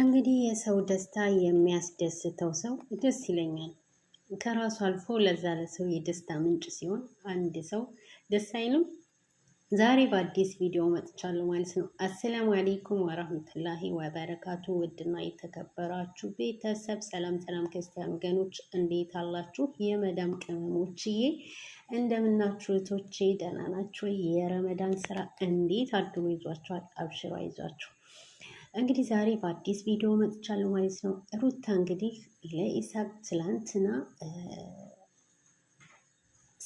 እንግዲህ የሰው ደስታ የሚያስደስተው ሰው ደስ ይለኛል ከራሱ አልፎ ለዛ ለሰው የደስታ ምንጭ ሲሆን አንድ ሰው ደስ አይልም። ዛሬ በአዲስ ቪዲዮ መጥቻለሁ ማለት ነው። አሰላሙ አሌይኩም ወረህመቱላሂ ወበረካቱ። ውድና የተከበራችሁ ቤተሰብ ሰላም ሰላም፣ ክርስቲያን ገኖች እንዴት አላችሁ? የመዳም ቅመሞችዬ እንደምናችሁ፣ እህቶቼ ደህና ናችሁ? የረመዳን ስራ እንዴት አድሮ ይዟችኋል? አብሽራ ይዟችሁ እንግዲህ ዛሬ በአዲስ ቪዲዮ መጥቻለሁ ማለት ነው። ሩታ እንግዲህ ለኢሳቅ ትላንትና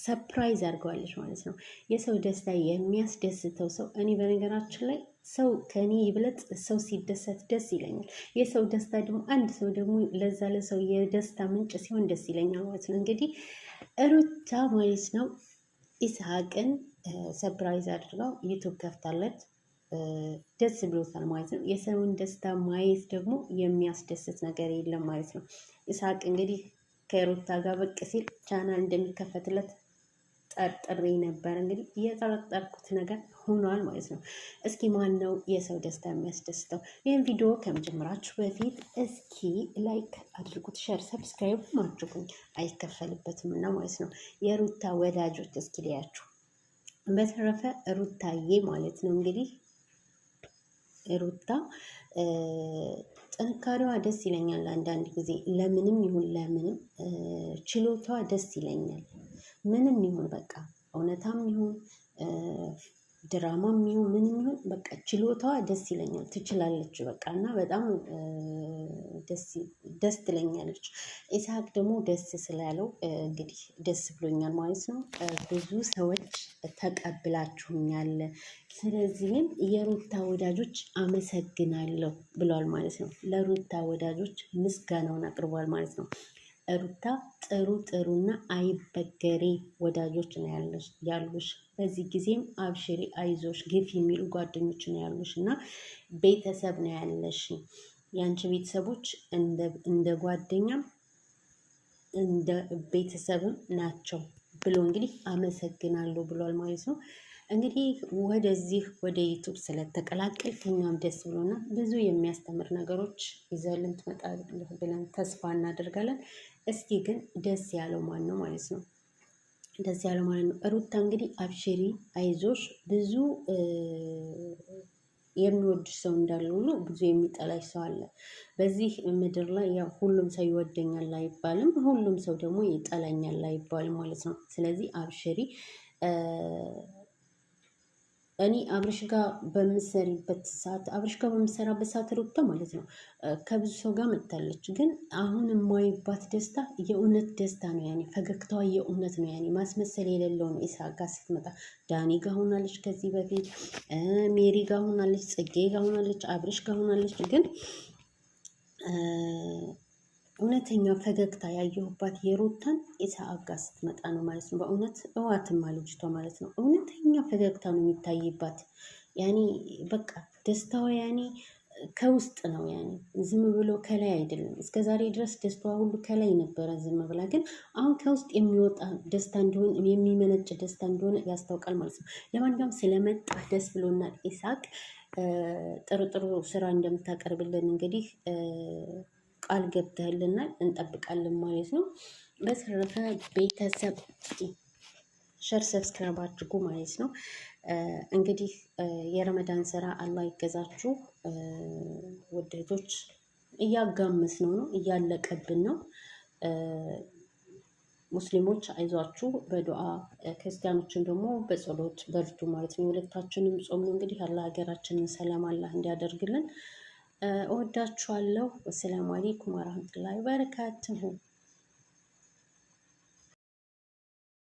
ሰፕራይዝ አድርገዋለች ማለት ነው። የሰው ደስታ የሚያስደስተው ሰው እኔ በነገራችን ላይ ሰው ከኔ ይብለጥ ሰው ሲደሰት ደስ ይለኛል። የሰው ደስታ ደግሞ አንድ ሰው ደግሞ ለዛ ለሰው የደስታ ምንጭ ሲሆን ደስ ይለኛል ማለት ነው። እንግዲህ ሩታ ማለት ነው ኢስሐቅን ሰፕራይዝ አድርገው ዩቱብ ከፍታለች። ደስ ብሎታል ማለት ነው። የሰውን ደስታ ማየት ደግሞ የሚያስደስት ነገር የለም ማለት ነው። ይስሐቅ እንግዲህ ከሩታ ጋር ብቅ ሲል ቻናል እንደሚከፈትለት ጠርጥሬ ነበር። እንግዲህ የጠረጠርኩት ነገር ሆኗል ማለት ነው። እስኪ ማን ነው የሰው ደስታ የሚያስደስተው? ይህን ቪዲዮ ከመጀመራችሁ በፊት እስኪ ላይክ አድርጉት፣ ሸር፣ ሰብስክራይብ አድርጉኝ። አይከፈልበትም እና ማለት ነው። የሩታ ወዳጆች እስኪ ሊያችሁ። በተረፈ ሩታዬ ማለት ነው እንግዲህ ሩታ ጥንካሬዋ ደስ ይለኛል። አንዳንድ ጊዜ ለምንም ይሁን ለምንም ችሎቷ ደስ ይለኛል። ምንም ይሁን በቃ እውነታም ይሁን ድራማም ይሁን ምንም ይሁን በቃ ችሎታዋ ደስ ይለኛል። ትችላለች በቃ እና በጣም ደስ ትለኛለች። ኢስሐቅ ደግሞ ደስ ስላለው እንግዲህ ደስ ብሎኛል ማለት ነው። ብዙ ሰዎች ተቀብላችሁኛል። ስለዚህም የሩታ ወዳጆች አመሰግናለሁ ብሏል ማለት ነው። ለሩታ ወዳጆች ምስጋናውን አቅርቧል ማለት ነው። ሩታ ጥሩ ጥሩና አይበገሬ ወዳጆች ነው ያለሽ ያሉሽ። በዚህ ጊዜም አብሽሪ፣ አይዞሽ፣ ግፍ የሚሉ ጓደኞች ነው ያሉሽ እና ቤተሰብ ነው ያለሽ። የአንቺ ቤተሰቦች እንደ ጓደኛም እንደ ቤተሰብም ናቸው። ብሎ እንግዲህ አመሰግናለሁ ብሏል ማለት ነው። እንግዲህ ወደዚህ ወደ ዩቱብ ስለተቀላቀል ከኛም ደስ ብሎና ብዙ የሚያስተምር ነገሮች ይዘልን ትመጣለህ ብለን ተስፋ እናደርጋለን። እስኪ ግን ደስ ያለው ማን ነው ማለት ነው? ደስ ያለው ማለት ነው። ሩታ እንግዲህ አብሽሪ፣ አይዞሽ ብዙ የሚወድ ሰው እንዳለ ሁሉ ብዙ የሚጠላሽ ሰው አለ። በዚህ ምድር ላይ ያው ሁሉም ሰው ይወደኛል አይባልም፣ ሁሉም ሰው ደግሞ ይጠላኛል አይባልም ማለት ነው። ስለዚህ አብሽሪ እኔ አብረሽ ጋር በምሰሪበት ሰዓት አብረሽ ጋር በምሰራበት ሰዓት ሩታ ማለት ነው ከብዙ ሰው ጋር መጥታለች። ግን አሁን የማይባት ደስታ የእውነት ደስታ ነው። ያኔ ፈገግታዋ የእውነት ነው። ያኔ ማስመሰል የሌለው ነው። ኢሳ ጋር ስትመጣ ዳኒ ጋር ሆናለች፣ ከዚህ በፊት ሜሪ ጋር ሆናለች፣ ጽጌ ጋር ሆናለች፣ አብረሽ ጋር ሆናለች ግን እውነተኛ ፈገግታ ያየሁባት የሩታን ኢሳአብ ጋር ስትመጣ ነው ማለት ነው። በእውነት እዋትማ ልጅቷ ማለት ነው እውነተኛ ፈገግታ ነው የሚታይባት። ያኔ በቃ ደስታዋ ያኔ ከውስጥ ነው። ያኔ ዝም ብሎ ከላይ አይደለም። እስከ ዛሬ ድረስ ደስታዋ ሁሉ ከላይ ነበረ ዝም ብላ፣ ግን አሁን ከውስጥ የሚወጣ ደስታ እንደሆነ የሚመነጭ ደስታ እንደሆነ ያስታውቃል ማለት ነው። ለማንኛውም ስለመጣ ደስ ብሎናል። ኢሳቅ ጥርጥሩ ስራ እንደምታቀርብልን እንግዲህ ቃል ገብተህልናል፣ እንጠብቃለን ማለት ነው። በተረፈ ቤተሰብ ሸር ሰብስክራይብ አድርጉ ማለት ነው። እንግዲህ የረመዳን ስራ አላህ ይገዛችሁ ውድ እህቶች። እያጋመስ ነው ነው እያለቀብን ነው። ሙስሊሞች አይዟችሁ በዱዓ ክርስቲያኖችን ደግሞ በጸሎት በርቱ ማለት ነው። የሁለታችንም ጾም ነው እንግዲህ አላህ ሀገራችንን ሰላም አላህ እንዲያደርግልን እወዳችኋለሁ። ወሰላሙ አሌይኩም ወረህመቱላሂ ወበረካቱሁ